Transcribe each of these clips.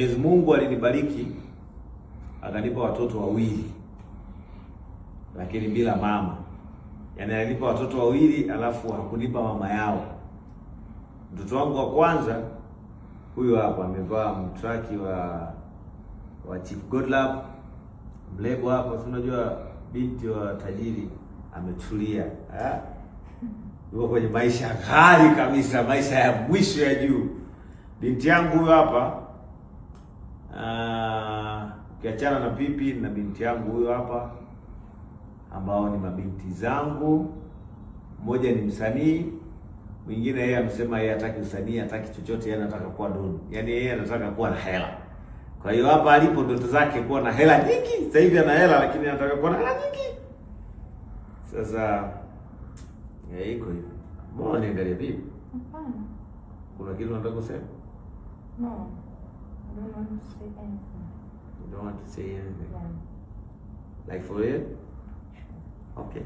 Mwenyezi Mungu alinibariki akanipa watoto wawili, lakini bila mama. Yaani alinipa watoto wawili alafu hakunipa mama yao. Mtoto wangu wa kwanza huyo hapa amevaa mtraki wa wa Chief Godlove mlebo hapo, si unajua binti wa tajiri ametulia, eh, yuko kwenye maisha ghali kabisa, maisha ya mwisho ya juu. Binti yangu huyo hapa Ah, kiachana na pipi na binti yangu huyo hapa, ambao ni mabinti zangu. Mmoja ni msanii, mwingine yeye amesema yeye hataki usanii, hataki chochote, yeye anataka kuwa don, yaani yeye anataka kuwa na hela. Kwa hiyo hapa alipo ndoto zake kuwa na hela nyingi. Sasa hivi ana hela, lakini anataka kuwa na hela nyingi. Sasa eh, iko hivyo. Mbona niangalie vipi? Hapana. Kuna kitu unataka kusema? No anything. You don't want to say anything? Yeah. Like for real? Okay.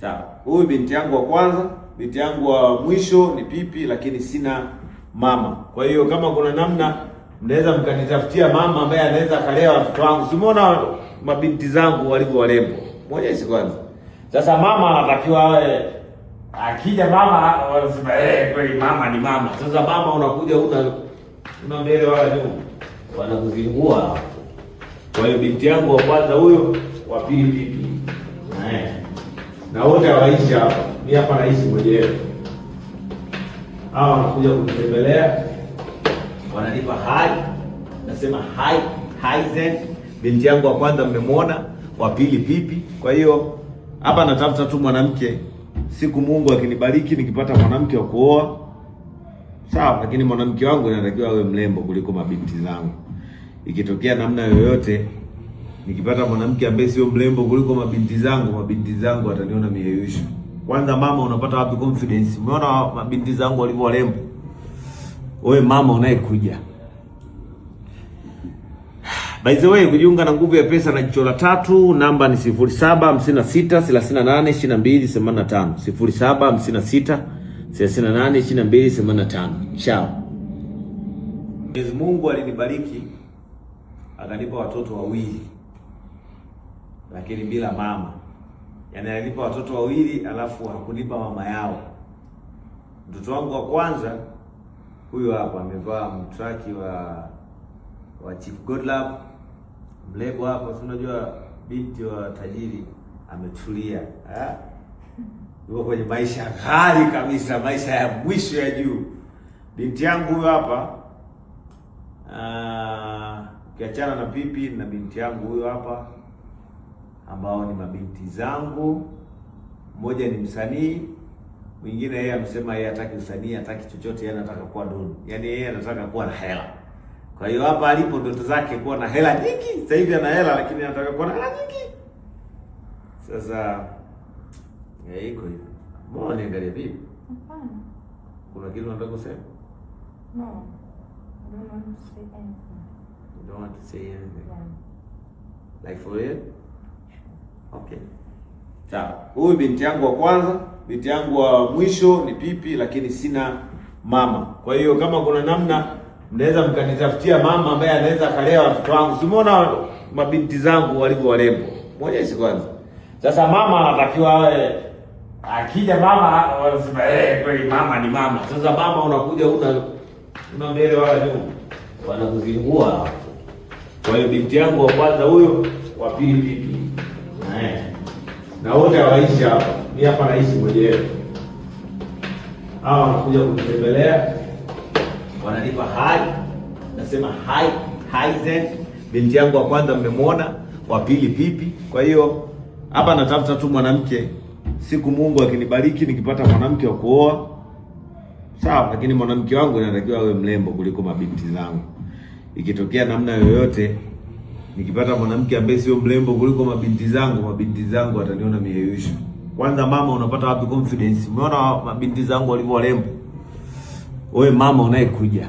Sawa. Huyu binti yangu wa kwanza, binti yangu wa mwisho ni Pipi lakini sina mama. Kwa hiyo kama kuna namna mnaweza mkanitafutia mama ambaye anaweza akalea watoto wangu. Simona mabinti zangu walivyo warembo. Mmoja kwanza. Sasa mama anatakiwa awe akija mama wanasema eh, kweli mama ni mama. Sasa mama unakuja una una mbele wala nyuma, wanakuzingua. Kwa hiyo binti yangu wa kwanza huyo, wa pili pipi, eh. na wote hawaishi hapa, mi hapa naishi mwenyewe. Hawa wanakuja kunitembelea, wanalipa hai, nasema hai zen. Binti yangu wa kwanza mmemwona, wa pili pipi. Kwa hiyo hapa natafuta tu mwanamke, siku Mungu akinibariki nikipata mwanamke wa kuoa sawa, lakini mwanamke wangu inatakiwa awe mrembo kuliko mabinti zangu. Ikitokea namna yoyote nikipata mwanamke ambaye sio mrembo kuliko mabinti zangu, mabinti zangu wataniona mieyushu. Kwanza mama, unapata wapi confidence? Umeona mabinti zangu walivyo warembo? Wewe mama unayekuja By the way, kujiunga na Nguvu ya Pesa na Jicho la Tatu, namba ni 0756 38 22 85 0756 38 22 85 chao. Mwenyezi Mungu alinibariki akanipa watoto wawili, lakini bila mama. Yaani alinipa watoto wawili alafu hakunipa mama yao. Mtoto wangu wa kwanza huyo hapa amevaa mtraki wa wa Chief Godlove mlebo hapo, si unajua binti wa tajiri ametulia ha? Eh? yuko kwenye maisha ghali kabisa, maisha ya mwisho ya juu. Binti yangu huyo hapa, ah, ukiachana na pipi na binti yangu huyo hapa, ambao ni mabinti zangu. Mmoja ni msanii, mwingine yeye amesema yeye hataki usanii, hataki chochote, yeye anataka kuwa doni, yaani yeye anataka kuwa na hela. Kwa hiyo hapa alipo ndoto zake kuwa na hela nyingi. Sasa hivi ana hela, lakini anataka kuwa na hela nyingi sasa Eh, iko hivyo. Mbona niangalie vipi? Hapana. Kuna kitu unataka kusema? No. I don't want to say anything. You don't want to say anything. Yeah. Like for real? Okay. Sawa. Huyu binti yangu wa kwanza, binti yangu wa mwisho ni Pipi lakini sina mama. Kwa hiyo kama kuna namna mnaweza mkanitafutia mama ambaye anaweza akalea watoto wangu. Si mabinti zangu walivyo warembo. Mmoja kwanza. Sasa mama anatakiwa awe Akija mama wanasema eh, kweli mama ni mama. Sasa mama unakuja una una mbele wala nyuma, wanakuzingua. Kwa hiyo binti yangu wa kwanza huyo, wa pili bibi eh, na wote hawaishi hapa, mi hapa naishi mwenyewe. Hawa wanakuja kunitembelea, wanalipa hai, nasema hai Zen binti yangu wa kwanza mmemwona, wa pili pipi. Kwa hiyo hapa natafuta tu mwanamke siku Mungu akinibariki nikipata mwanamke wa kuoa sawa, lakini mwanamke wangu inatakiwa awe mrembo kuliko mabinti zangu. Ikitokea namna yoyote nikipata mwanamke ambaye sio mrembo kuliko mabinti zangu, mabinti zangu wataniona mieyusho. Kwanza mama, unapata wapi confidence? Umeona mabinti zangu walivyo warembo? Wewe mama unayekuja